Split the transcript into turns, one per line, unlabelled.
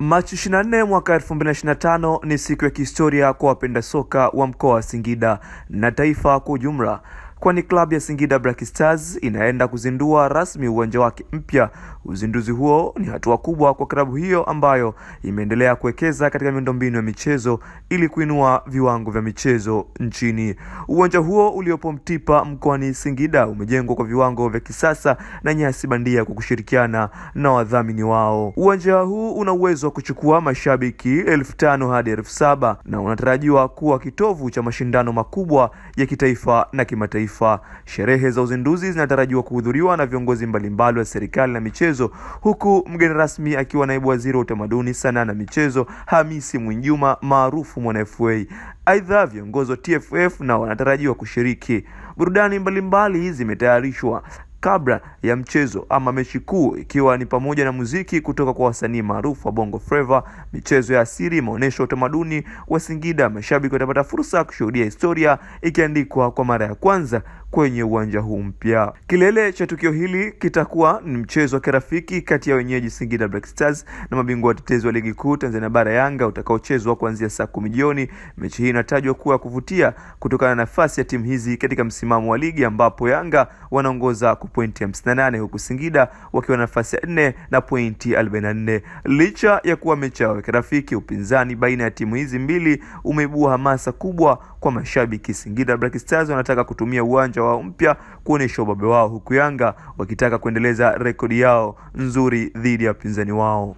Machi 24 mwaka 2025 ni siku ya kihistoria kwa wapenda soka wa mkoa wa Singida na taifa kwa ujumla kwani klabu ya Singida Black Stars inaenda kuzindua rasmi uwanja wake mpya. Uzinduzi huo ni hatua kubwa kwa klabu hiyo ambayo imeendelea kuwekeza katika miundombinu ya michezo ili kuinua viwango vya michezo nchini. Uwanja huo uliopo Mtipa mkoani Singida umejengwa kwa viwango vya kisasa na nyasi bandia kwa kushirikiana na wadhamini wao. Uwanja huu una uwezo wa kuchukua mashabiki elfu tano hadi elfu saba na unatarajiwa kuwa kitovu cha mashindano makubwa ya kitaifa na kimataifa taifa. Sherehe za uzinduzi zinatarajiwa kuhudhuriwa na viongozi mbalimbali wa serikali na michezo, huku mgeni rasmi akiwa naibu waziri wa utamaduni, sanaa na michezo Hamisi Mwinjuma maarufu Mwana FA. Aidha, viongozi wa TFF na wanatarajiwa kushiriki. Burudani mbalimbali zimetayarishwa kabla ya mchezo ama mechi kuu, ikiwa ni pamoja na muziki kutoka kwa wasanii maarufu wa Bongo Flava, michezo ya asili, maonesho ya utamaduni wa Singida. Mashabiki watapata fursa ya kushuhudia historia ikiandikwa kwa mara ya kwanza kwenye uwanja huu mpya. Kilele cha tukio hili kitakuwa ni mchezo wa kirafiki kati ya wenyeji Singida Black Stars na mabingwa watetezi wa ligi kuu Tanzania Bara, Yanga, utakaochezwa kuanzia saa kumi jioni. Mechi hii inatajwa kuwa ya kuvutia kutokana na nafasi ya timu hizi katika msimamo wa ligi, ambapo Yanga wanaongoza pointi 58 huku Singida wakiwa na nafasi ya nne na pointi 44. Licha ya kuwa mechi ya kirafiki, upinzani baina ya timu hizi mbili umeibua hamasa kubwa kwa mashabiki. Singida Black Stars wanataka kutumia uwanja wao mpya kuonesha ubabe wao, huku Yanga wakitaka kuendeleza rekodi yao nzuri dhidi ya wapinzani wao.